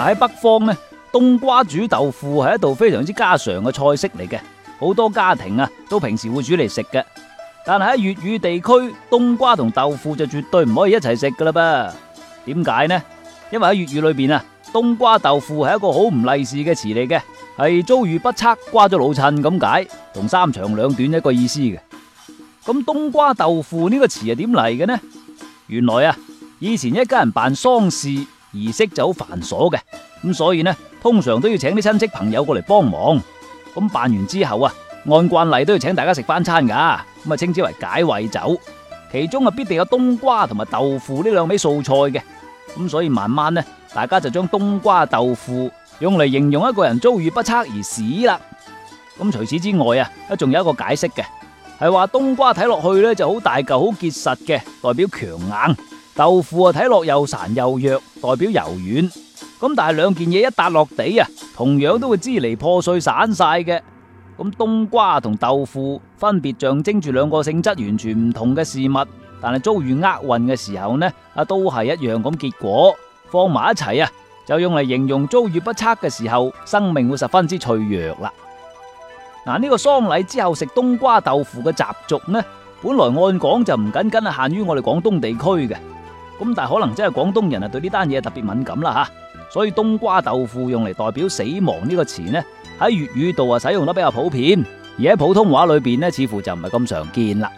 喺北方咧，冬瓜煮豆腐係一道非常之家常嘅菜式嚟嘅，好多家庭啊都平時會煮嚟食嘅。但係喺粵語地區，冬瓜同豆腐就絕對唔可以一齊食噶啦噃。點解呢？因為喺粵語裏邊啊，冬瓜豆腐係一個好唔利是嘅詞嚟嘅，係遭遇不測，瓜咗老襯咁解，同三長兩短一個意思嘅。咁冬瓜豆腐呢個詞係點嚟嘅呢？原來啊，以前一家人辦喪事。儀式就好繁瑣嘅，咁所以呢，通常都要請啲親戚朋友過嚟幫忙。咁辦完之後啊，按慣例都要請大家食返餐噶，咁啊稱之為解穢酒。其中啊，必定有冬瓜同埋豆腐呢兩味素菜嘅。咁所以慢慢呢，大家就將冬瓜豆腐用嚟形容一個人遭遇不測而死啦。咁除此之外啊，仲有一個解釋嘅，係話冬瓜睇落去呢就好大嚿好結實嘅，代表強硬。豆腐啊，睇落又殘又弱，代表柔軟。咁但係兩件嘢一笪落地啊，同樣都會支離破碎散晒嘅。咁冬瓜同豆腐分別象徵住兩個性質完全唔同嘅事物，但係遭遇厄運嘅時候呢，啊都係一樣咁結果，放埋一齊啊，就用嚟形容遭遇不測嘅時候，生命會十分之脆弱啦。嗱，啊，呢個喪禮之後食冬瓜豆腐嘅習俗呢，本來按講就唔僅僅係限於我哋廣東地區嘅。咁但係可能即係廣東人，啊，對呢單嘢特別敏感啦嚇，所以冬瓜豆腐用嚟代表死亡呢個詞，咧喺粵語度啊，使用得比較普遍，而喺普通話裏邊咧，似乎就唔係咁常見啦。